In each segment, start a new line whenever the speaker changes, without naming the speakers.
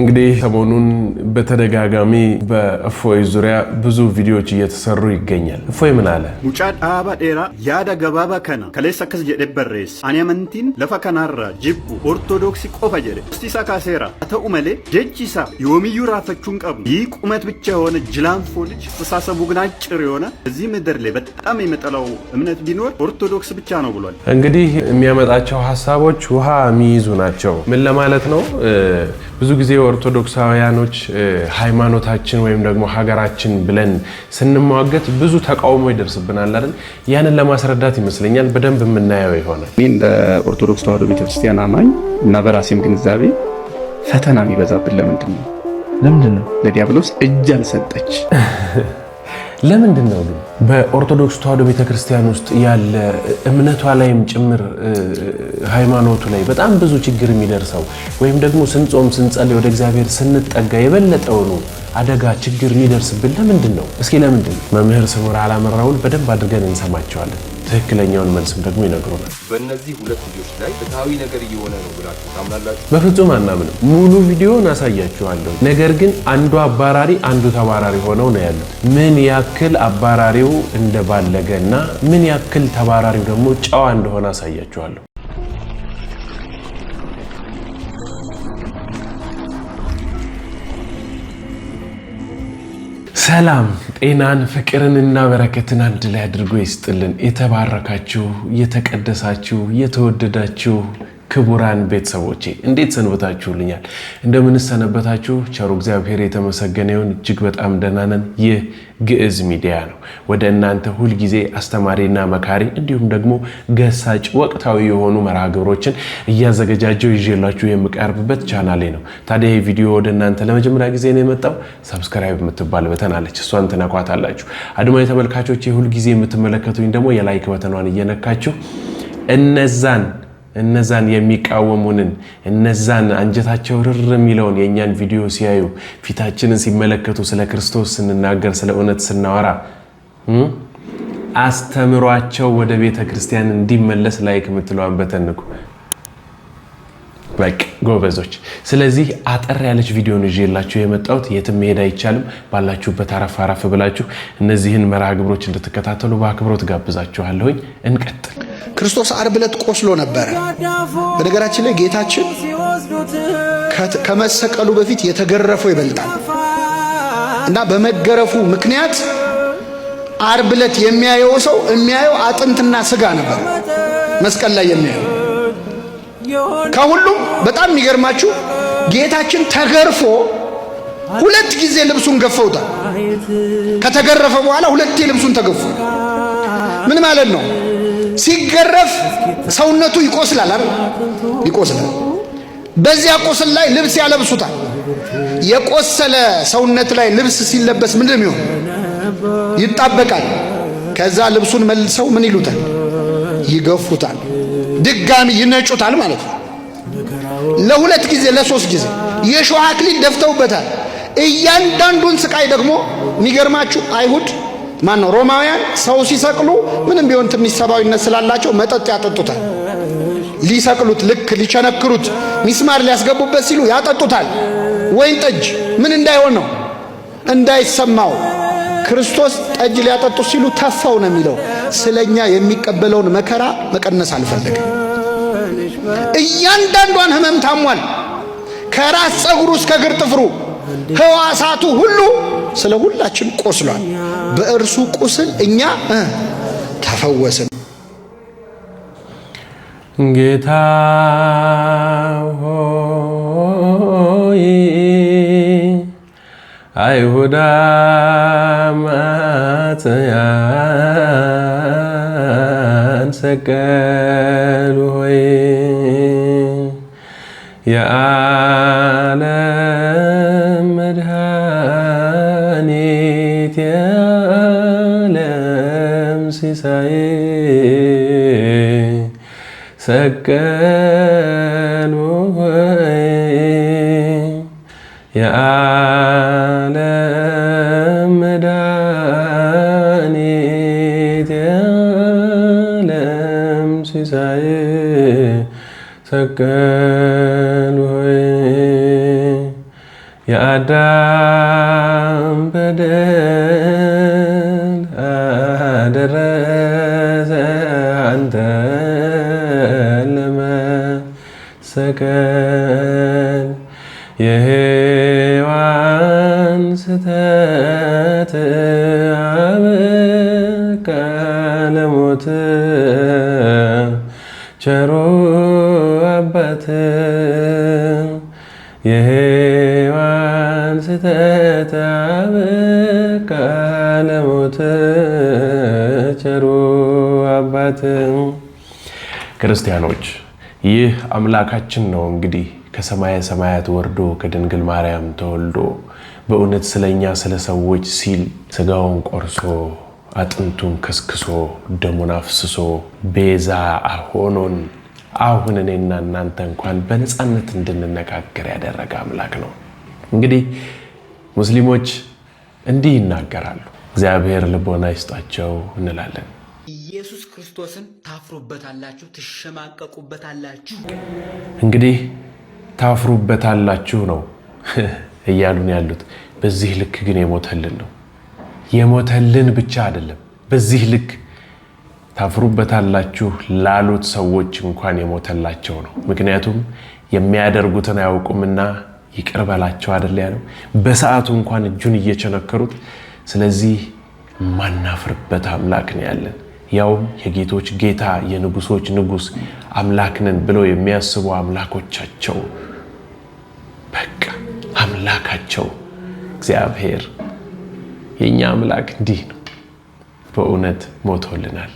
እንግዲህ ሰሞኑን በተደጋጋሚ በእፎይ ዙሪያ ብዙ ቪዲዮዎች እየተሰሩ ይገኛል። እፎይ ምን አለ?
ሙጫ ዳባ ዴራ ያደ ገባባ ከና ከሌስ አከስ በሬስ አኔ አመንቲን ለፈ ከናራ ጅቡ ኦርቶዶክሲ ቆፈ ጀደ ስቲሳ ካሴራ አተኡ መሌ ደጅሳ ዮሚዩ ራፈቹን ቀቡ ይህ ቁመት ብቻ የሆነ ጅላንፎ ልጅ አስተሳሰቡ ግን አጭር የሆነ እዚህ ምድር ላይ በጣም የመጠላው እምነት ቢኖር ኦርቶዶክስ ብቻ ነው ብሏል።
እንግዲህ የሚያመጣቸው ሀሳቦች ውሃ የሚይዙ ናቸው። ምን ለማለት ነው ብዙ ጊዜ ኦርቶዶክሳውያኖች ሃይማኖታችን ወይም ደግሞ ሀገራችን ብለን ስንሟገት ብዙ ተቃውሞ ይደርስብናል አይደል? ያንን ለማስረዳት ይመስለኛል በደንብ የምናየው ይሆናል።
እኔ እንደ ኦርቶዶክስ ተዋህዶ ቤተክርስቲያን አማኝ እና በራሴም ግንዛቤ ፈተና የሚበዛብን ለምንድን ነው ለምንድን ነው ለዲያብሎስ እጅ አልሰጠች
ለምንድን ነው ግን በኦርቶዶክስ ተዋሕዶ ቤተክርስቲያን ውስጥ ያለ እምነቷ ላይም ጭምር ሃይማኖቱ ላይ በጣም ብዙ ችግር የሚደርሰው ወይም ደግሞ ስንጾም፣ ስንጸልይ ወደ እግዚአብሔር ስንጠጋ የበለጠውኑ አደጋ ችግር የሚደርስብን ለምንድን ነው? እስኪ ለምንድን ነው? መምህር ስሙር አላመራውን በደንብ አድርገን እንሰማቸዋለን። ትክክለኛውን መልስም ደግሞ ይነግሩናል።
በእነዚህ ሁለት ልጆች ላይ ፍትሐዊ ነገር እየሆነ ነው ብላችሁ ታምናላችሁ?
በፍጹም አናምንም። ሙሉ ቪዲዮን አሳያችኋለሁ። ነገር ግን አንዱ አባራሪ አንዱ ተባራሪ ሆነው ነው ያሉት። ምን ያክል አባራሪው እንደባለገ እና ምን ያክል ተባራሪው ደግሞ ጨዋ እንደሆነ አሳያችኋለሁ። ሰላም ጤናን ፍቅርንና በረከትን አንድ ላይ አድርጎ ይስጥልን። የተባረካችሁ የተቀደሳችሁ የተወደዳችሁ ክቡራን ቤተሰቦቼ እንዴት ሰንበታችሁልኛል? እንደምንሰነበታችሁ ቸሩ እግዚአብሔር የተመሰገነ ይሁን። እጅግ በጣም ደህና ነን። ይህ ግዕዝ ሚዲያ ነው። ወደ እናንተ ሁልጊዜ አስተማሪና መካሪ እንዲሁም ደግሞ ገሳጭ ወቅታዊ የሆኑ መርሃ ግብሮችን እያዘገጃጀው ይዤላችሁ የምቀርብበት ቻናሌ ነው። ታዲያ ይህ ቪዲዮ ወደ እናንተ ለመጀመሪያ ጊዜ ነው የመጣው፣ ሰብስክራይብ የምትባል በተን አለች፣ እሷን ትነኳታላችሁ። አድማዊ ተመልካቾች ሁልጊዜ የምትመለከቱኝ ደግሞ የላይክ በተኗን እየነካችሁ እነዛን እነዛን የሚቃወሙንን እነዛን አንጀታቸው ርር የሚለውን የእኛን ቪዲዮ ሲያዩ ፊታችንን ሲመለከቱ ስለ ክርስቶስ ስንናገር ስለ እውነት ስናወራ አስተምሯቸው ወደ ቤተ ክርስቲያን እንዲመለስ ላይክ የምትለዋን በተንኩ በቅ ጎበዞች። ስለዚህ አጠር ያለች ቪዲዮ ነው ይዤላችሁ የመጣሁት። የትም መሄድ አይቻልም። ባላችሁበት አረፍ አረፍ ብላችሁ እነዚህን መርሃ ግብሮች እንድትከታተሉ በአክብሮት ጋብዛችኋለሁኝ። እንቀጥል።
ክርስቶስ አርብ ዕለት ቆስሎ ነበረ። በነገራችን ላይ ጌታችን ከመሰቀሉ በፊት የተገረፈው ይበልጣል እና በመገረፉ ምክንያት አርብ ዕለት የሚያየው ሰው የሚያየው አጥንትና ስጋ ነበር መስቀል ላይ የሚያየው ከሁሉም በጣም የሚገርማችሁ ጌታችን ተገርፎ ሁለት ጊዜ ልብሱን ገፈውታል። ከተገረፈ በኋላ ሁለቴ ልብሱን ተገፉ ምን ማለት ነው? ሲገረፍ ሰውነቱ ይቆስላል አይደል? ይቆስላል። በዚያ ቁስል ላይ ልብስ ያለብሱታል። የቆሰለ ሰውነት ላይ ልብስ ሲለበስ ምንድን ነው የሚሆን? ይጣበቃል። ከዛ ልብሱን መልሰው ምን ይሉታል? ይገፉታል፣ ድጋሚ ይነጩታል ማለት ነው። ለሁለት ጊዜ ለሶስት ጊዜ የእሾህ አክሊል ደፍተውበታል። እያንዳንዱን ስቃይ ደግሞ የሚገርማችሁ አይሁድ ማን ነው ሮማውያን ሰው ሲሰቅሉ ምንም ቢሆን ትንሽ ሰብአዊነት ስላላቸው መጠጥ ያጠጡታል። ሊሰቅሉት ልክ ሊቸነክሩት ሚስማር ሊያስገቡበት ሲሉ ያጠጡታል ወይን ጠጅ። ምን እንዳይሆን ነው እንዳይሰማው። ክርስቶስ ጠጅ ሊያጠጡት ሲሉ ተፋው ነው የሚለው ስለኛ የሚቀበለውን መከራ መቀነስ አልፈለግም። እያንዳንዷን ህመም ታሟል። ከራስ ፀጉሩ እስከ እግር ጥፍሩ ህዋሳቱ ሁሉ ስለ ሁላችን ቆስሏል። በእርሱ ቁስል እኛ ተፈወስን። ጌታ ሆይ አይሁዳ ማጽያ ብርሃን ሆይ የዓለም መድኃኒት የዓለም ሲሳይ ሰቀሉ ሆይ
መስቀል ሆይ የአዳም በደል አደረሰ አንተን ለመሰቀል የሔዋን ስተት አበቃ ለሞት ቸሮ አልገባበትም። የሔዋን ስህተት አበቃ ለሞት ቸሩ አባት። ክርስቲያኖች ይህ አምላካችን ነው እንግዲህ ከሰማየ ሰማያት ወርዶ ከድንግል ማርያም ተወልዶ በእውነት ስለኛ ስለ ሰዎች ሲል ስጋውን ቆርሶ አጥንቱን ከስክሶ ደሙን አፍስሶ ቤዛ ሆኖን አሁን እኔና እናንተ እንኳን በነፃነት እንድንነጋገር ያደረገ አምላክ ነው። እንግዲህ ሙስሊሞች እንዲህ ይናገራሉ፣ እግዚአብሔር ልቦና ይስጧቸው እንላለን።
ኢየሱስ ክርስቶስን ታፍሩበታላችሁ፣ ትሸማቀቁበታላችሁ።
እንግዲህ ታፍሩበታላችሁ ነው እያሉን ያሉት። በዚህ ልክ ግን የሞተልን ነው። የሞተልን ብቻ አይደለም፣ በዚህ ልክ ታፍሩበታላችሁ ላሉት ሰዎች እንኳን የሞተላቸው ነው። ምክንያቱም የሚያደርጉትን አያውቁምና ይቅርበላቸው አደል ያለው በሰዓቱ እንኳን እጁን እየቸነከሩት። ስለዚህ ማናፍርበት አምላክ ነው ያለን። ያውም የጌቶች ጌታ የንጉሶች ንጉስ አምላክ ነን ብለው የሚያስቡ አምላኮቻቸው በቃ አምላካቸው እግዚአብሔር የእኛ አምላክ እንዲህ ነው። በእውነት ሞቶልናል።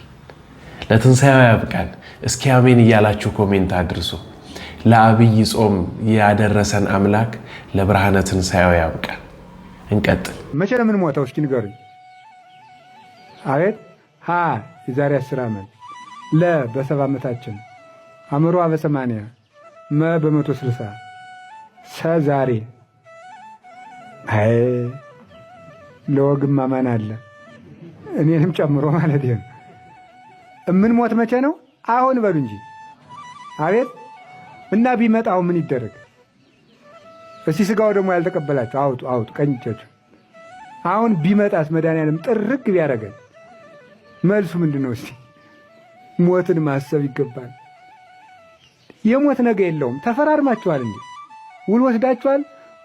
ለትንሣኤው ያብቃን። እስኪ አሜን እያላችሁ ኮሜንት አድርሱ። ለአብይ ጾም ያደረሰን አምላክ ለብርሃነ ትንሣኤው ያብቃን። እንቀጥል።
መቼ ነው የምንሞተው? እስኪ ንገሩኝ። አቤት ሀ የዛሬ አስር ዓመት ለ በሰባ ዓመታችን አምሮ በሰማንያ መ በመቶ ስልሳ ሰ ዛሬ አይ ለወግም አማን አለ እኔንም ጨምሮ ማለት ነው። እምንሞት መቼ ነው? አሁን በሉ እንጂ አቤት። እና ቢመጣው ምን ይደረግ? እስቲ ስጋው ደግሞ ያልተቀበላችሁ አውጡ፣ አውጡ ቀኝ እጃችሁ። አሁን ቢመጣስ መድኃኒዓለም ጥርግ ቢያደርገን መልሱ ምንድን ነው? እስቲ ሞትን ማሰብ ይገባል። የሞት ነገ የለውም። ተፈራርማችኋል እንጂ ውል ወስዳችኋል።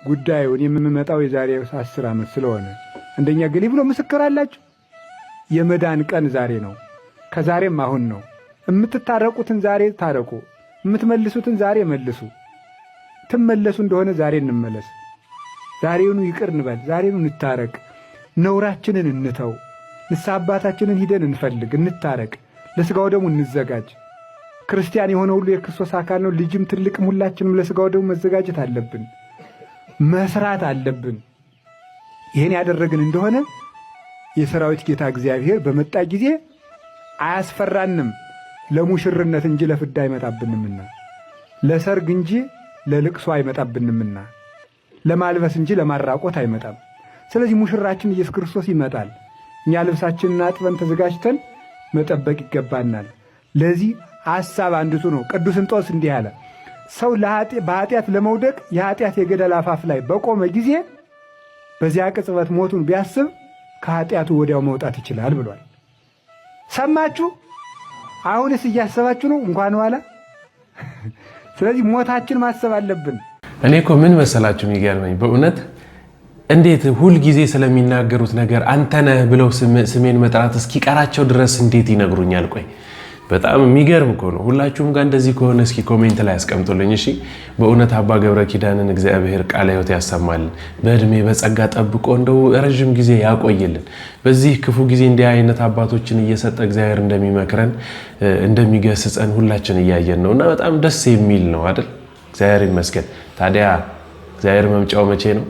ጉዳዩን የምመጣው የዛሬ አስር ዓመት ስለሆነ አንደኛ ገሌ ብሎ ምስክር አላችሁ። የመዳን ቀን ዛሬ ነው። ከዛሬም አሁን ነው። የምትታረቁትን ዛሬ ታረቁ፣ የምትመልሱትን ዛሬ መልሱ። ትመለሱ እንደሆነ ዛሬ እንመለስ። ዛሬውኑ ይቅር እንበል። ዛሬውኑ እንታረቅ። ነውራችንን እንተው። ንስሐ አባታችንን ሂደን እንፈልግ፣ እንታረቅ፣ ለሥጋው ደሙ እንዘጋጅ። ክርስቲያን የሆነ ሁሉ የክርስቶስ አካል ነው። ልጅም ትልቅም ሁላችንም ለሥጋው ደሙ መዘጋጀት አለብን፣ መስራት አለብን። ይህን ያደረግን እንደሆነ የሰራዊት ጌታ እግዚአብሔር በመጣ ጊዜ አያስፈራንም ለሙሽርነት እንጂ ለፍዳ አይመጣብንምና፣ ለሰርግ እንጂ ለልቅሶ አይመጣብንምና፣ ለማልበስ እንጂ ለማራቆት አይመጣም። ስለዚህ ሙሽራችን ኢየሱስ ክርስቶስ ይመጣል። እኛ ልብሳችንን አጥበን ተዘጋጅተን መጠበቅ ይገባናል። ለዚህ ሐሳብ አንድቱ ነው። ቅዱስ እንጦንስ እንዲህ አለ፣ ሰው በኃጢአት ለመውደቅ የኃጢአት የገደል አፋፍ ላይ በቆመ ጊዜ በዚያ ቅጽበት ሞቱን ቢያስብ ከኃጢአቱ ወዲያው መውጣት ይችላል ብሏል። ሰማችሁ? አሁንስ እያሰባችሁ ነው? እንኳን ዋላ። ስለዚህ ሞታችን ማሰብ አለብን።
እኔ እኮ ምን መሰላችሁ የሚገርመኝ በእውነት እንዴት ሁልጊዜ ስለሚናገሩት ነገር አንተ ብለው ስሜን መጥራት እስኪቀራቸው ድረስ እንዴት ይነግሩኛል? ቆይ በጣም የሚገርም እኮ ነው። ሁላችሁም ጋር እንደዚህ ከሆነ እስኪ ኮሜንት ላይ ያስቀምጡልኝ። እሺ በእውነት አባ ገብረ ኪዳንን እግዚአብሔር ቃለ ሕይወት ያሰማልን፣ በእድሜ በጸጋ ጠብቆ እንደው ረዥም ጊዜ ያቆይልን። በዚህ ክፉ ጊዜ እንዲህ አይነት አባቶችን እየሰጠ እግዚአብሔር እንደሚመክረን እንደሚገስጸን ሁላችን እያየን ነው እና በጣም ደስ የሚል ነው አይደል? እግዚአብሔር ይመስገን። ታዲያ እግዚአብሔር መምጫው መቼ ነው?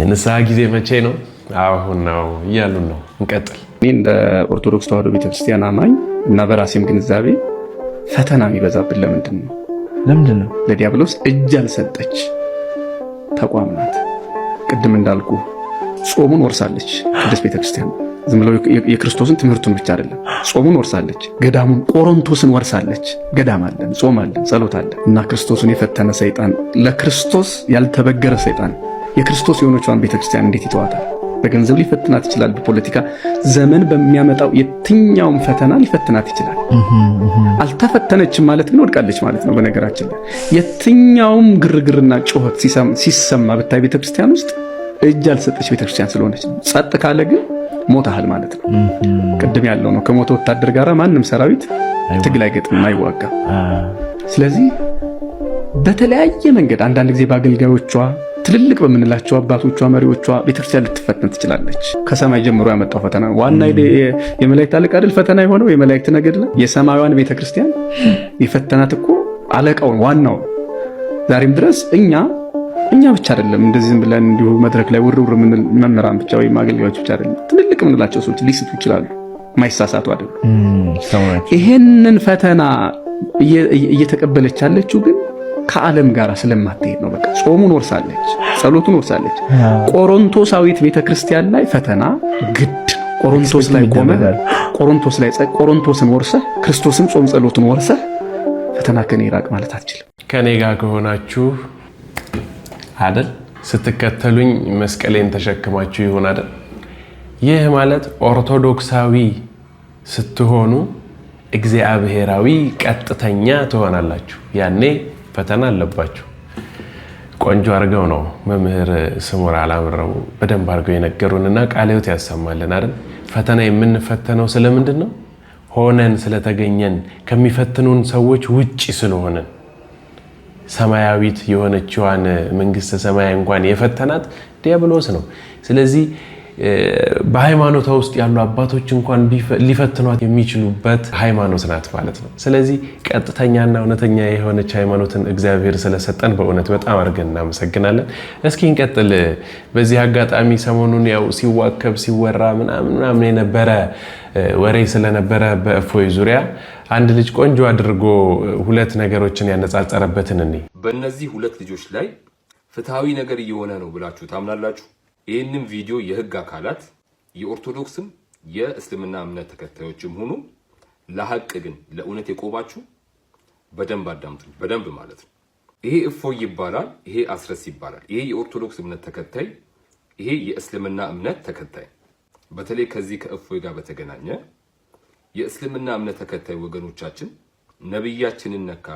የንስሐ ጊዜ መቼ ነው? አሁን ነው እያሉን ነው። እንቀጥል
እኔ እንደ ኦርቶዶክስ ተዋህዶ ቤተክርስቲያን አማኝ እና በራሴም ግንዛቤ ፈተና የሚበዛብን ለምንድን ነው? ለምንድን ነው? ለዲያብሎስ እጅ አልሰጠች ተቋም ናት። ቅድም እንዳልኩ ጾሙን ወርሳለች ቅድስት ቤተክርስቲያን። ዝም ብለው የክርስቶስን ትምህርቱን ብቻ አይደለም፣ ጾሙን ወርሳለች፣ ገዳሙን ቆሮንቶስን ወርሳለች። ገዳም አለን፣ ጾም አለን፣ ጸሎት አለን እና ክርስቶስን የፈተነ ሰይጣን፣ ለክርስቶስ ያልተበገረ ሰይጣን የክርስቶስ የሆነቿን ቤተክርስቲያን እንዴት ይተዋታል? በገንዘብ ሊፈትናት ይችላል። በፖለቲካ ዘመን በሚያመጣው የትኛውም ፈተና ሊፈትናት ይችላል። አልተፈተነችም ማለት ግን ወድቃለች ማለት ነው። በነገራችን ላይ የትኛውም ግርግርና ጩኸት ሲሰማ ብታይ ቤተክርስቲያን ውስጥ እጅ አልሰጠች ቤተክርስቲያን ስለሆነች ነው። ጸጥ ካለ ግን ሞታል ማለት ነው። ቅድም ያለው ነው። ከሞተ ወታደር ጋር ማንም ሰራዊት ትግል አይገጥም፣ አይዋጋም። ስለዚህ በተለያየ መንገድ አንዳንድ ጊዜ በአገልጋዮቿ ትልልቅ በምንላቸው አባቶቿ፣ መሪዎቿ ቤተክርስቲያን ልትፈተን ትችላለች። ከሰማይ ጀምሮ ያመጣው ፈተና ዋና የመላእክት አለቃ አይደል ፈተና የሆነው የመላእክት ነገድ ላይ ቤተክርስቲያን የፈተናት እኮ አለቃውን ዋናው ዛሬም ድረስ እኛ እኛ ብቻ አይደለም ዝም ብለን እንዲሁ መድረክ ላይ ውርውር ውር የምንል መምህራን ብቻ ወይም አገልጋዮች ብቻ አይደለም። ትልልቅ የምንላቸው ሰዎች ሊስቱ ይችላሉ፣ ማይሳሳቱ አይደለም። ይሄንን ፈተና እየተቀበለች ያለችው ግን ከዓለም ጋር ስለማትሄድ ነው። በቃ ጾሙን ወርሳለች፣ ጸሎቱን ወርሳለች። ቆሮንቶሳዊት ቤተክርስቲያን ላይ ፈተና ግድ ቆሮንቶስ ላይ ቆመ ቆሮንቶስ ላይ ቆሮንቶስን ወርሰህ ክርስቶስን ጾም ጸሎቱን ወርሰህ ፈተና ከኔ ይራቅ ማለት አትችልም።
ከኔ ጋር ከሆናችሁ አደል ስትከተሉኝ መስቀሌን ተሸክማችሁ ይሆን አደል። ይህ ማለት ኦርቶዶክሳዊ ስትሆኑ እግዚአብሔራዊ ቀጥተኛ ትሆናላችሁ። ያኔ ፈተና አለባቸው። ቆንጆ አድርገው ነው መምህር ስሙር አላምረው በደንብ አድርገው የነገሩንና ቃለ ሕይወት ያሰማልን አይደል? ፈተና የምንፈተነው ስለምንድን ነው? ሆነን ስለተገኘን ከሚፈትኑን ሰዎች ውጭ ስለሆነን ሰማያዊት የሆነችዋን መንግስተ ሰማያ እንኳን የፈተናት ዲያብሎስ ነው። ስለዚህ በሃይማኖቷ ውስጥ ያሉ አባቶች እንኳን ሊፈትኗት የሚችሉበት ሃይማኖት ናት ማለት ነው። ስለዚህ ቀጥተኛና እውነተኛ የሆነች ሃይማኖትን እግዚአብሔር ስለሰጠን በእውነት በጣም አድርገን እናመሰግናለን። እስኪ እንቀጥል። በዚህ አጋጣሚ ሰሞኑን ያው ሲዋከብ ሲወራ ምናምን ምናምን የነበረ ወሬ ስለነበረ በእፎይ ዙሪያ አንድ ልጅ ቆንጆ አድርጎ ሁለት ነገሮችን ያነጻጸረበትን እኔ
በእነዚህ ሁለት ልጆች ላይ ፍትሐዊ ነገር እየሆነ ነው ብላችሁ ታምናላችሁ? ይህንም ቪዲዮ የህግ አካላት የኦርቶዶክስም የእስልምና እምነት ተከታዮችም ሆኑ ለሀቅ ግን ለእውነት የቆባችሁ በደንብ አዳምጡኝ። በደንብ ማለት ነው። ይሄ እፎይ ይባላል። ይሄ አስረስ ይባላል። ይሄ የኦርቶዶክስ እምነት ተከታይ፣ ይሄ የእስልምና እምነት ተከታይ። በተለይ ከዚህ ከእፎይ ጋር በተገናኘ የእስልምና እምነት ተከታይ ወገኖቻችን ነብያችንን ነካ፣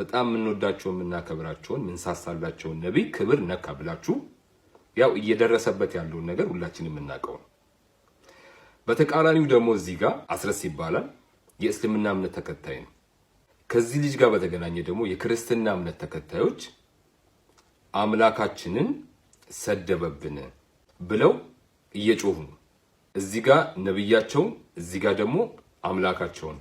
በጣም የምንወዳቸውን የምናከብራቸውን ምንሳሳላቸውን ነቢይ ክብር ነካ ብላችሁ ያው እየደረሰበት ያለውን ነገር ሁላችን የምናውቀው ነው። በተቃራኒው ደግሞ እዚህ ጋር አስረስ ይባላል የእስልምና እምነት ተከታይ ነው። ከዚህ ልጅ ጋር በተገናኘ ደግሞ የክርስትና እምነት ተከታዮች አምላካችንን ሰደበብን ብለው እየጮሁ ነው። እዚህ ጋር ነብያቸውን፣ እዚህ ጋር ደግሞ አምላካቸውን።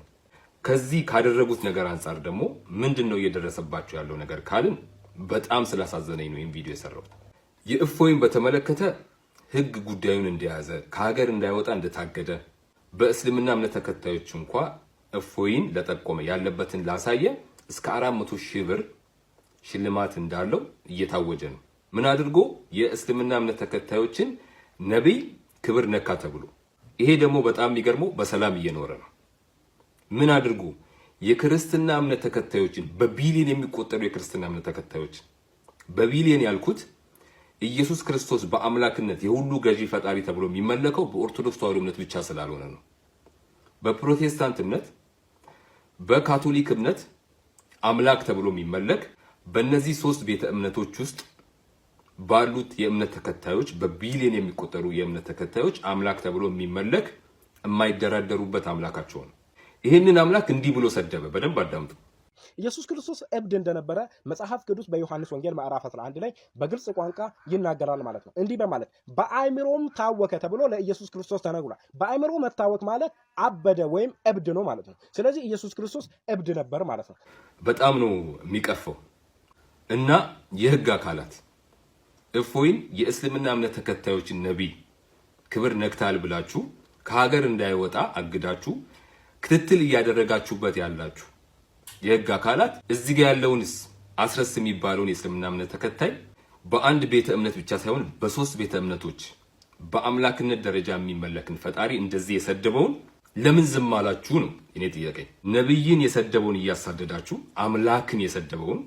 ከዚህ ካደረጉት ነገር አንጻር ደግሞ ምንድን ነው እየደረሰባቸው ያለው ነገር ካልን በጣም ስላሳዘነኝ ነው ይህን ቪዲዮ የሰራሁት። የእፎይን በተመለከተ ህግ ጉዳዩን እንደያዘ ከሀገር እንዳይወጣ እንደታገደ በእስልምና እምነት ተከታዮች እንኳ እፎይን ለጠቆመ ያለበትን ላሳየ እስከ 400 ሺህ ብር ሽልማት እንዳለው እየታወጀ ነው። ምን አድርጎ የእስልምና እምነት ተከታዮችን ነቢይ ክብር ነካ ተብሎ ይሄ ደግሞ በጣም የሚገርመው በሰላም እየኖረ ነው። ምን አድርጎ የክርስትና እምነት ተከታዮችን በቢሊዮን የሚቆጠሩ የክርስትና እምነት ተከታዮችን በቢሊዮን ያልኩት ኢየሱስ ክርስቶስ በአምላክነት የሁሉ ገዢ ፈጣሪ ተብሎ የሚመለከው በኦርቶዶክስ ተዋሕዶ እምነት ብቻ ስላልሆነ ነው። በፕሮቴስታንት እምነት፣ በካቶሊክ እምነት አምላክ ተብሎ የሚመለክ በእነዚህ ሶስት ቤተ እምነቶች ውስጥ ባሉት የእምነት ተከታዮች በቢሊዮን የሚቆጠሩ የእምነት ተከታዮች አምላክ ተብሎ የሚመለክ የማይደራደሩበት አምላካቸው ነው። ይህንን አምላክ እንዲህ ብሎ ሰደበ። በደንብ አዳምጡ።
ኢየሱስ ክርስቶስ እብድ እንደነበረ መጽሐፍ ቅዱስ በዮሐንስ ወንጌል ምዕራፍ 11 ላይ በግልጽ ቋንቋ ይናገራል ማለት ነው። እንዲህ በማለት በአእምሮም ታወከ ተብሎ ለኢየሱስ ክርስቶስ ተነግሯል። በአእምሮ መታወክ ማለት አበደ ወይም እብድ ነው ማለት ነው። ስለዚህ ኢየሱስ ክርስቶስ እብድ ነበር ማለት ነው።
በጣም ነው የሚቀፈው እና የህግ አካላት እፎይን የእስልምና እምነት ተከታዮች ነቢይ ክብር ነክታል ብላችሁ ከሀገር እንዳይወጣ አግዳችሁ ክትትል እያደረጋችሁበት ያላችሁ የህግ አካላት እዚህ ጋ ያለውንስ አስረስ የሚባለውን የእስልምና እምነት ተከታይ በአንድ ቤተ እምነት ብቻ ሳይሆን በሶስት ቤተ እምነቶች በአምላክነት ደረጃ የሚመለክን ፈጣሪ እንደዚህ የሰደበውን ለምን ዝም አላችሁ ነው እኔ ጥያቄ። ነቢይን የሰደበውን እያሳደዳችሁ አምላክን የሰደበውን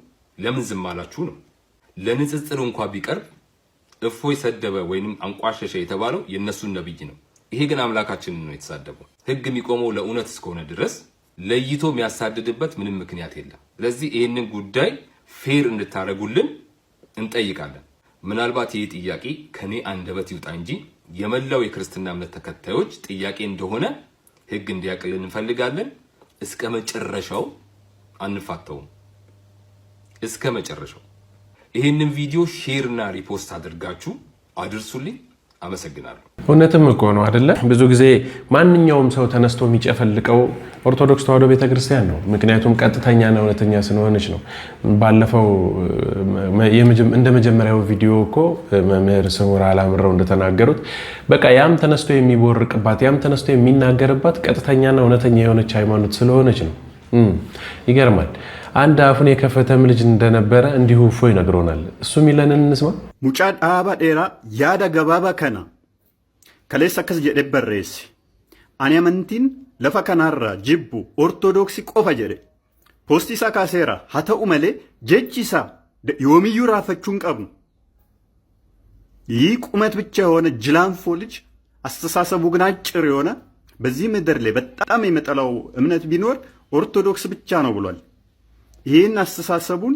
ለምን ዝም አላችሁ ነው። ለንጽጽር እንኳ ቢቀርብ እፎይ ሰደበ ወይም አንቋሸሸ የተባለው የእነሱን ነቢይ ነው። ይሄ ግን አምላካችንን ነው የተሳደበው። ህግ የሚቆመው ለእውነት እስከሆነ ድረስ ለይቶ የሚያሳድድበት ምንም ምክንያት የለም። ስለዚህ ይህንን ጉዳይ ፌር እንድታደርጉልን እንጠይቃለን። ምናልባት ይህ ጥያቄ ከኔ አንደበት ይውጣ እንጂ የመላው የክርስትና እምነት ተከታዮች ጥያቄ እንደሆነ ህግ እንዲያቅልን እንፈልጋለን። እስከ መጨረሻው አንፋተውም። እስከ መጨረሻው ይህንን ቪዲዮ ሼር እና ሪፖስት አድርጋችሁ አድርሱልኝ። አመሰግናለሁ።
እውነትም እኮ ነው አደለ? ብዙ ጊዜ ማንኛውም ሰው ተነስቶ የሚጨፈልቀው ኦርቶዶክስ ተዋህዶ ቤተክርስቲያን ነው። ምክንያቱም ቀጥተኛና እውነተኛ ስለሆነች ነው። ባለፈው እንደ መጀመሪያው ቪዲዮ እኮ መምህር ስሙር አላምረው እንደተናገሩት በቃ ያም ተነስቶ የሚቦርቅባት ያም ተነስቶ የሚናገርባት ቀጥተኛና እውነተኛ የሆነች ሃይማኖት ስለሆነች ነው። ይገርማል። አንድ አፉን የከፈተም ልጅ እንደነበረ እንዲሁ እፎ ይነግሮናል። እሱ ሚለንን እንስማ።
ሙጫ ዳባ ዴራ ያደ ገባባ ከና kaleessa akkas jedhe barreessi. Ani amantiin lafa kanarraa jibbu ortodoksii qofa jedhe. Poostii isaa kaaseera. Haa ta'u malee jechi isaa yoomiyyuu raafachuu hin qabnu. ይህ ቁመት ብቻ የሆነ ጅላንፎ ልጅ አስተሳሰቡ bugnaa አጭር yoona bazii ምድር ላይ በጣም የመጠላው binoor ቢኖር bichaa ብቻ ነው Yiin ይህን አስተሳሰቡን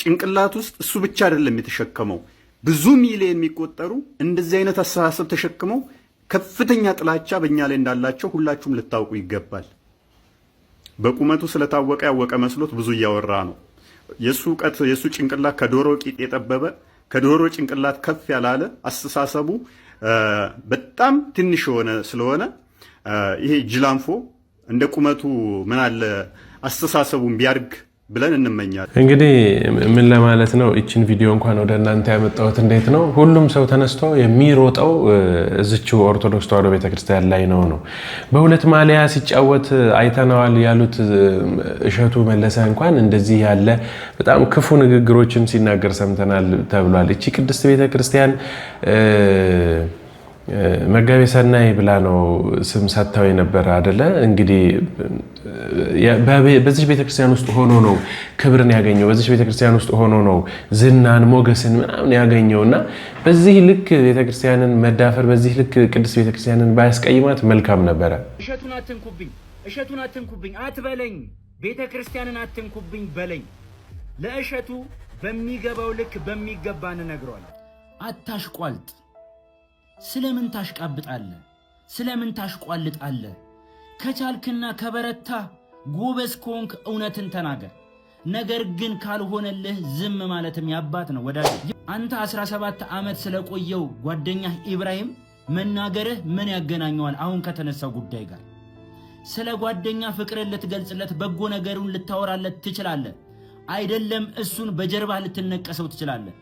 ጭንቅላት ውስጥ እሱ ብቻ አይደለም የተሸከመው፣ ብዙ ሚሊዮን የሚቆጠሩ እንደዚህ አይነት አስተሳሰብ ተሸክመው ከፍተኛ ጥላቻ በእኛ ላይ እንዳላቸው ሁላችሁም ልታውቁ ይገባል። በቁመቱ ስለታወቀ ያወቀ መስሎት ብዙ እያወራ ነው። የሱ እውቀት የሱ ጭንቅላት ከዶሮ ቂጥ የጠበበ ከዶሮ ጭንቅላት ከፍ ያላለ አስተሳሰቡ በጣም ትንሽ የሆነ ስለሆነ ይሄ ጅላንፎ እንደ ቁመቱ ምን አለ አስተሳሰቡን ቢያድግ ብለን እንመኛለን።
እንግዲህ ምን ለማለት ነው፣ ይችን ቪዲዮ እንኳን ወደ እናንተ ያመጣሁት እንዴት ነው፣ ሁሉም ሰው ተነስቶ የሚሮጠው እዝችው ኦርቶዶክስ ተዋህዶ ቤተክርስቲያን ላይ ነው ነው በሁለት ማሊያ ሲጫወት አይተነዋል ያሉት እሸቱ መለሰ እንኳን እንደዚህ ያለ በጣም ክፉ ንግግሮችን ሲናገር ሰምተናል ተብሏል። እቺ ቅድስት ቤተክርስቲያን መጋቤ ሰናይ ብላ ነው ስም ሰጥተው የነበረ አደለ? እንግዲህ በዚች ቤተክርስቲያን ውስጥ ሆኖ ነው ክብርን ያገኘው፣ በዚች ቤተክርስቲያን ውስጥ ሆኖ ነው ዝናን፣ ሞገስን ምናምን ያገኘው እና በዚህ ልክ ቤተክርስቲያንን መዳፈር፣ በዚህ ልክ ቅድስት ቤተክርስቲያንን ባያስቀይማት መልካም ነበረ።
እሸቱን አትንኩብኝ፣ እሸቱን አትንኩብኝ አትበለኝ፣ ቤተክርስቲያንን አትንኩብኝ በለኝ። ለእሸቱ በሚገባው ልክ በሚገባ እንነግረዋለን። አታሽቋልጥ ስለምን ታሽቃብጣለ? ስለምን ታሽቋልጣለ? ከቻልክና ከበረታ ጎበዝ ከሆንክ እውነትን ተናገር። ነገር ግን ካልሆነልህ ዝም ማለትም ያባት ነው። ወዳ አንተ 17 ዓመት ስለቆየው ጓደኛህ ኢብራሂም መናገርህ ምን ያገናኘዋል አሁን ከተነሳው ጉዳይ ጋር? ስለ ጓደኛ ፍቅርን ልትገልጽለት፣ በጎ ነገሩን ልታወራለት ትችላለህ። አይደለም እሱን በጀርባህ ልትነቀሰው ትችላለህ።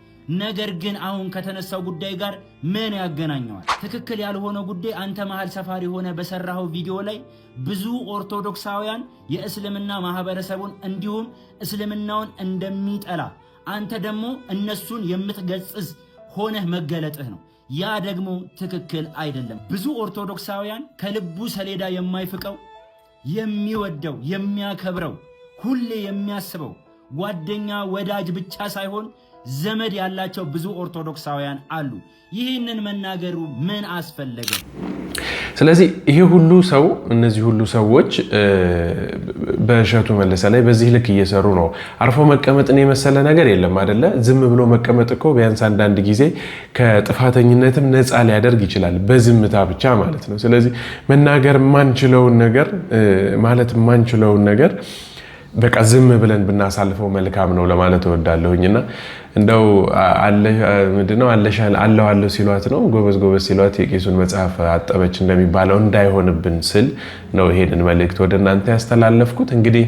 ነገር ግን አሁን ከተነሳው ጉዳይ ጋር ምን ያገናኘዋል? ትክክል ያልሆነ ጉዳይ አንተ መሃል ሰፋሪ ሆነ በሰራኸው ቪዲዮ ላይ ብዙ ኦርቶዶክሳውያን የእስልምና ማህበረሰቡን እንዲሁም እስልምናውን እንደሚጠላ አንተ ደግሞ እነሱን የምትገጽዝ ሆነህ መገለጥህ ነው። ያ ደግሞ ትክክል አይደለም። ብዙ ኦርቶዶክሳውያን ከልቡ ሰሌዳ የማይፍቀው የሚወደው የሚያከብረው ሁሌ የሚያስበው ጓደኛ ወዳጅ ብቻ ሳይሆን ዘመድ ያላቸው ብዙ ኦርቶዶክሳውያን አሉ። ይህንን መናገሩ ምን አስፈለገ?
ስለዚህ ይሄ ሁሉ ሰው እነዚህ ሁሉ ሰዎች በእሸቱ መለሰ ላይ በዚህ ልክ እየሰሩ ነው። አርፎ መቀመጥን የመሰለ ነገር የለም አደለ? ዝም ብሎ መቀመጥ እኮ ቢያንስ አንዳንድ ጊዜ ከጥፋተኝነትም ነፃ ሊያደርግ ይችላል፣ በዝምታ ብቻ ማለት ነው። ስለዚህ መናገር የማንችለውን ነገር ማለት የማንችለውን ነገር በቃ ዝም ብለን ብናሳልፈው መልካም ነው ለማለት እወዳለሁኝ። እና እንደው ምንድነው አለሁ አለሁ ሲሏት ነው ጎበዝ ጎበዝ ሲሏት የቄሱን መጽሐፍ አጠበች እንደሚባለው እንዳይሆንብን ስል ነው ይሄንን መልእክት ወደ እናንተ ያስተላለፍኩት። እንግዲህ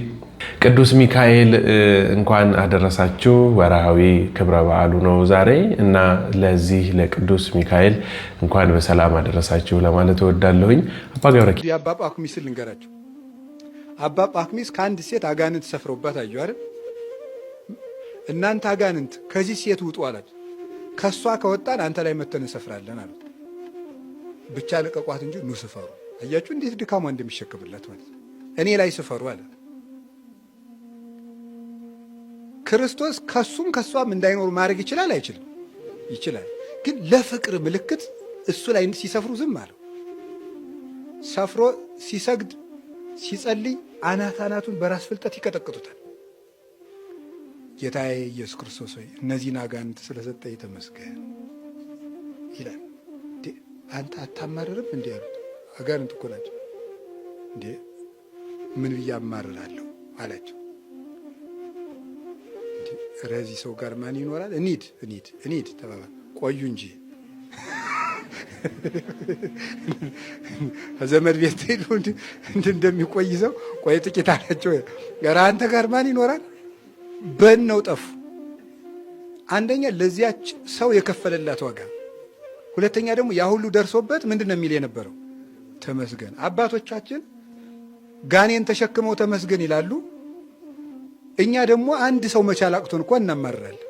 ቅዱስ ሚካኤል እንኳን አደረሳችሁ። ወርሃዊ ክብረ በዓሉ ነው ዛሬ እና ለዚህ ለቅዱስ ሚካኤል እንኳን በሰላም አደረሳችሁ ለማለት እወዳለሁኝ። አባ ገብረ
አባ ጳኩሚስል አባ ጳኩሚስ ከአንድ ሴት አጋንንት ሰፍረውባት አዩ አይደል? እናንተ አጋንንት ከዚህ ሴት ውጡ አላት። ከእሷ ከወጣን አንተ ላይ መተን እንሰፍራለን አሉ። ብቻ ልቀቋት እንጂ ኑ ስፈሩ። አያችሁ እንዴት ድካሟ እንደሚሸክምላት ማለት ነው። እኔ ላይ ስፈሩ አለ። ክርስቶስ ከሱም ከሷም እንዳይኖሩ ማድረግ ይችላል አይችልም? ይችላል። ግን ለፍቅር ምልክት እሱ ላይ ሲሰፍሩ ዝም አለው። ሰፍሮ ሲሰግድ ሲጸልይ አናት አናቱን በራስ ፍልጠት ይቀጠቅጡታል። ጌታዬ ኢየሱስ ክርስቶስ ሆይ እነዚህን አጋንንት ስለሰጠኝ ተመስገን ይላል። አንተ አታማርርም እንዲህ ያሉት አጋንንት እኮ ናቸው። እንዴ ምን ብዬ አማርራለሁ አላቸው። ረዚህ ሰው ጋር ማን ይኖራል? እኒድ እኒድ እኒድ ተባባል። ቆዩ እንጂ ዘመድ ቤት እንድ እንደሚቆይ ሰው ቆይ ጥቂት አላቸው። ኧረ አንተ ጋር ማን ይኖራል? በን ነው ጠፉ። አንደኛ ለዚያች ሰው የከፈለላት ዋጋ፣ ሁለተኛ ደግሞ ያ ሁሉ ደርሶበት ምንድን ነው የሚል የነበረው ተመስገን። አባቶቻችን ጋኔን ተሸክመው ተመስገን ይላሉ። እኛ ደግሞ አንድ ሰው መቻል አቅቶን እንኳ እናማራለን።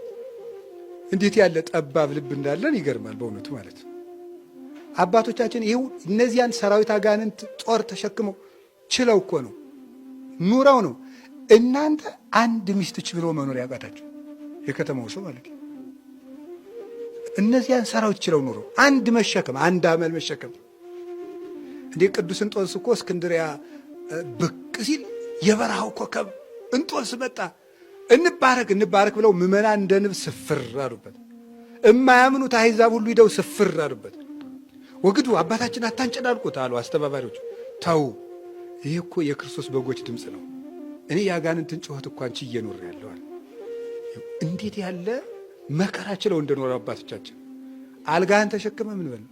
እንዴት ያለ ጠባብ ልብ እንዳለን ይገርማል በእውነቱ ማለት ነው። አባቶቻችን ይህ እነዚያን ሰራዊት አጋንንት ጦር ተሸክመው ችለው እኮ ነው ኑረው ነው። እናንተ አንድ ሚስት ብሎ መኖር ያቃታችሁ የከተማው ሰው ማለት ነው። እነዚያን ሰራዊት ችለው ኑሮ አንድ መሸከም አንድ አመል መሸከም እንዴ! ቅዱስ እንጦንስ እኮ እስክንድሪያ ብቅ ሲል የበረሃው ኮከብ እንጦንስ መጣ እንባረክ እንባረክ ብለው ምመና እንደ ንብ ስፍር አሉበት። እማያምኑት አሕዛብ ሁሉ ሂደው ስፍር አሉበት። ወግዱ፣ አባታችን አታንጨላልቁት አሉ አስተባባሪዎች። ተው፣ ይህ እኮ የክርስቶስ በጎች ድምፅ ነው። እኔ የአጋንንትን ጩኸት እኳ አንቺ እየኖር ያለዋል። እንዴት ያለ መከራ ችለው እንደኖረ አባቶቻችን። አልጋህን ተሸክመ ምን በል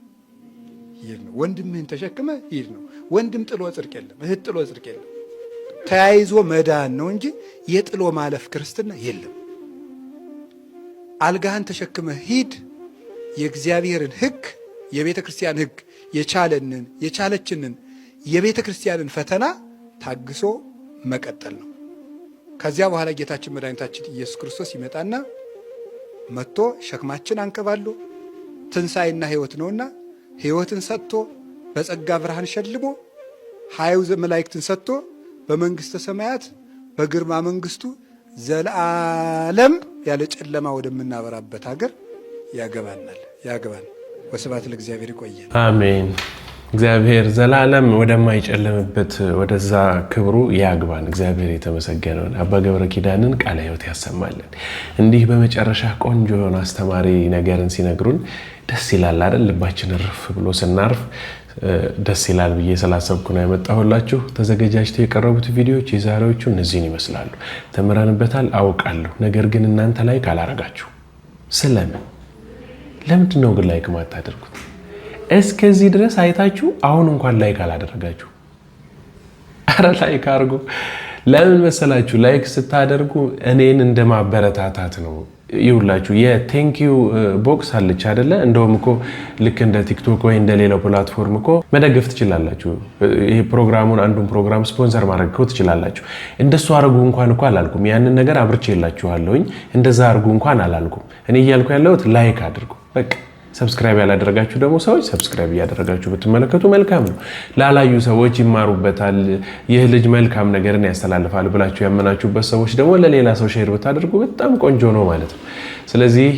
ይሄድ ነው። ወንድምህን ተሸክመ ይሄድ ነው። ወንድም ጥሎ ጽድቅ የለም፣ እህት ጥሎ ጽድቅ የለም። ተያይዞ መዳን ነው እንጂ የጥሎ ማለፍ ክርስትና የለም። አልጋህን ተሸክመ ሂድ የእግዚአብሔርን ሕግ የቤተ ክርስቲያን ሕግ የቻለንን የቻለችንን የቤተ ክርስቲያንን ፈተና ታግሶ መቀጠል ነው። ከዚያ በኋላ ጌታችን መድኃኒታችን ኢየሱስ ክርስቶስ ይመጣና መጥቶ ሸክማችን አንከባሉ ትንሣኤና ሕይወት ነውና ሕይወትን ሰጥቶ በጸጋ ብርሃን ሸልሞ ሀይው መላእክትን ሰጥቶ በመንግሥተ ሰማያት በግርማ መንግሥቱ ዘለዓለም ያለ ጨለማ ወደምናበራበት ሀገር ያገባናል ያገባል። ወስብሐት ለእግዚአብሔር። ይቆያል።
አሜን። እግዚአብሔር ዘላለም ወደማይጨልምበት ወደዛ ክብሩ ያግባን። እግዚአብሔር የተመሰገነውን አባ ገብረ ኪዳንን ቃለ ሕይወት ያሰማልን። እንዲህ በመጨረሻ ቆንጆ የሆነ አስተማሪ ነገርን ሲነግሩን ደስ ይላል አይደል? ልባችን እርፍ ብሎ ስናርፍ ደስ ይላል ብዬ ስላሰብኩ ነው ያመጣሁላችሁ። ተዘገጃጅተው የቀረቡት ቪዲዮዎች የዛሬዎቹ እነዚህን ይመስላሉ። ተምረንበታል፣ አውቃለሁ። ነገር ግን እናንተ ላይ ካላረጋችሁ ስለምን ለምንድን ነው ግን ላይክ ማታደርጉት? እስከዚህ ድረስ አይታችሁ አሁን እንኳን ላይክ አላደረጋችሁ? አረ ላይክ አድርጉ። ለምን መሰላችሁ? ላይክ ስታደርጉ እኔን እንደ ማበረታታት ነው። ይሁላችሁ የቴንኪዩ ቦክስ አለች አይደለ? እንደውም እኮ ልክ እንደ ቲክቶክ ወይ እንደ ሌላው ፕላትፎርም እኮ መደገፍ ትችላላችሁ። ይሄ ፕሮግራሙን አንዱን ፕሮግራም ስፖንሰር ማድረግ እኮ ትችላላችሁ። እንደሱ አድርጉ እንኳን እኮ አላልኩም። ያንን ነገር አብርቼ የላችኋለሁኝ። እንደዛ አድርጉ እንኳን አላልኩም። እኔ እያልኩ ያለሁት ላይክ አድርጉ። Like, ሰብስክራይብ ያላደረጋችሁ ደግሞ ሰዎች ሰብስክራይብ እያደረጋችሁ ብትመለከቱ መልካም ነው። ላላዩ ሰዎች ይማሩበታል፣ ይህ ልጅ መልካም ነገርን ያስተላልፋል ብላችሁ ያመናችሁበት ሰዎች ደግሞ ለሌላ ሰው ሼር ብታደርጉ በጣም ቆንጆ ነው ማለት ነው። ስለዚህ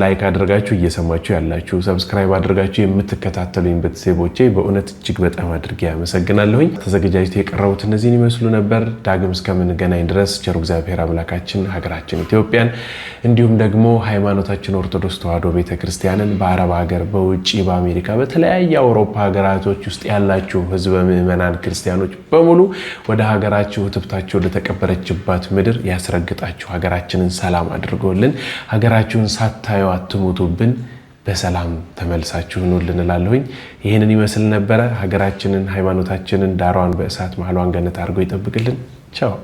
ላይክ አድርጋችሁ እየሰማችሁ ያላችሁ ሰብስክራይብ አድርጋችሁ የምትከታተሉኝ ቤተሰቦቼ በእውነት እጅግ በጣም አድርጌ አመሰግናለሁኝ። ተዘገጃጅቶ የቀረቡት እነዚህን ይመስሉ ነበር። ዳግም እስከምንገናኝ ድረስ ቸሩ እግዚአብሔር አምላካችን ሀገራችን ኢትዮጵያን እንዲሁም ደግሞ ሃይማኖታችን ኦርቶዶክስ ተዋሕዶ ቤተክርስቲያንን በአ በአረብ ሀገር፣ በውጭ በአሜሪካ፣ በተለያየ አውሮፓ ሀገራቶች ውስጥ ያላችሁ ህዝበ ምዕመናን ክርስቲያኖች በሙሉ ወደ ሀገራችሁ ትብታችሁ ለተቀበረችባት ምድር ያስረግጣችሁ። ሀገራችንን ሰላም አድርጎልን ሀገራችሁን ሳታዩ አትሙቱብን። በሰላም ተመልሳችሁ ኑ ልንላለሁኝ። ይህንን ይመስል ነበረ። ሀገራችንን፣ ሃይማኖታችንን ዳሯን በእሳት ማህሏን ገነት አድርጎ ይጠብቅልን። ቻው